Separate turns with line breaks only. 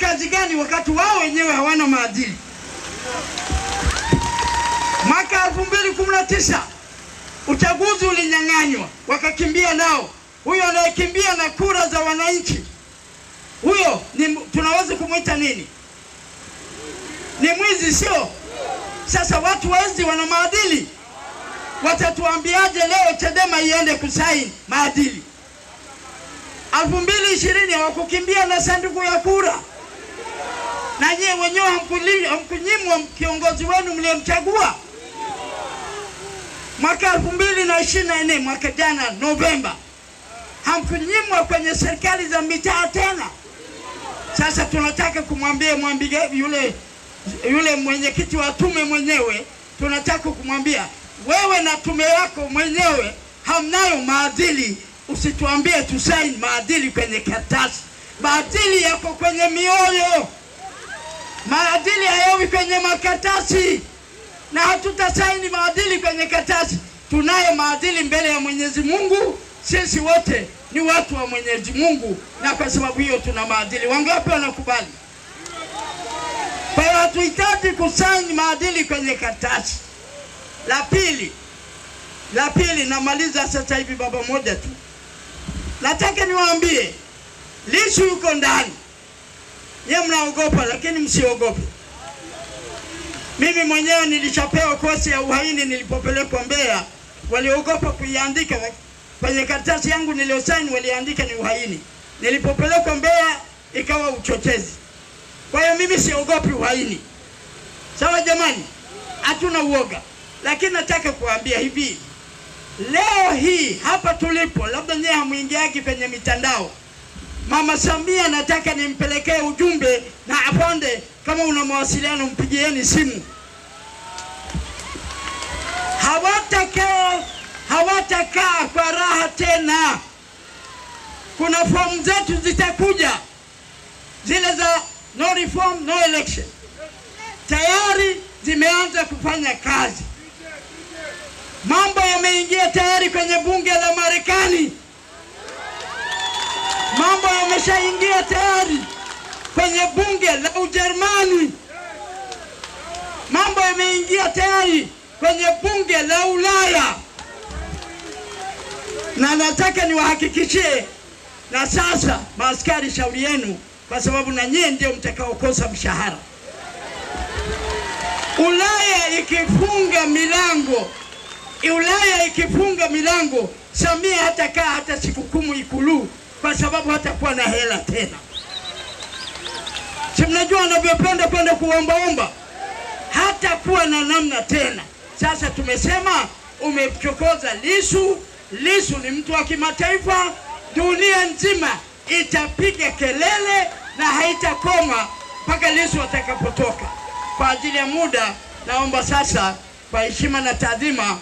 kazi gani wakati wao wenyewe hawana maadili? Mwaka 2019 uchaguzi ulinyang'anywa, wakakimbia nao. Huyo anayekimbia na kura za wananchi, huyo ni tunaweza kumwita nini? Ni mwizi, sio? Sasa watu wezi wana maadili, watatuambiaje leo Chadema iende kusaini maadili? 2020 hawakukimbia na sanduku ya kura na yeye wenyewe hamkunyimwa kiongozi wenu mliyemchagua mwaka elfu mbili na ishirini na nne mwaka jana Novemba, hamkunyimwa kwenye serikali za mitaa tena. Sasa tunataka kumwambia mwambie yule, yule mwenyekiti wa tume mwenyewe, tunataka kumwambia wewe na tume yako mwenyewe hamnayo maadili. Usituambie tusaini maadili kwenye karatasi, maadili yako kwenye mioyo maadili hayawi kwenye makatasi na hatutasaini maadili kwenye katasi. Tunayo maadili mbele ya Mwenyezi Mungu. Sisi wote ni watu wa Mwenyezi Mungu, na kwa sababu hiyo tuna maadili. Wangapi wanakubali? Kwa hiyo hatuhitaji kusaini maadili kwenye katasi. La pili, la pili, namaliza sasa hivi, baba moja tu nataka niwaambie, Lissu yuko ndani Ye mnaogopa, lakini msiogope. Mimi mwenyewe nilishapewa kosi ya uhaini nilipopelekwa Mbeya, waliogopa kuiandika kwenye karatasi yangu niliyosaini, waliandika ni uhaini. Nilipopelekwa Mbeya ikawa uchochezi. Kwa hiyo mimi siogopi uhaini, sawa jamani, hatuna uoga. Lakini nataka kuambia hivi leo hii hapa tulipo, labda nyewe hamuingiaki kwenye mitandao, Mama Samia nataka nimpelekee kama una mawasiliano, mpigieni simu. Hawatakaa, hawatakaa kwa raha tena. Kuna fomu zetu zitakuja zile za no reform no election, tayari zimeanza kufanya kazi. Mambo yameingia tayari kwenye bunge la Marekani, mambo yameshaingia tayari kwenye bunge la Ujerumani ameingia imeingia tayari kwenye bunge la Ulaya, na nataka niwahakikishie na sasa, maaskari, shauri yenu, kwa sababu na nyie ndio mtakaokosa mshahara. Ulaya ikifunga milango, Ulaya ikifunga milango, Samia hatakaa hata siku kumi Ikulu kwa sababu hatakuwa na hela tena. Si mnajua anavyopenda kwenda kuombaomba hakuwa na namna tena. Sasa tumesema umechokoza Lisu. Lisu ni mtu wa kimataifa, dunia nzima itapiga kelele na haitakoma mpaka Lisu atakapotoka. Kwa ajili ya muda, naomba sasa, kwa heshima na taadhima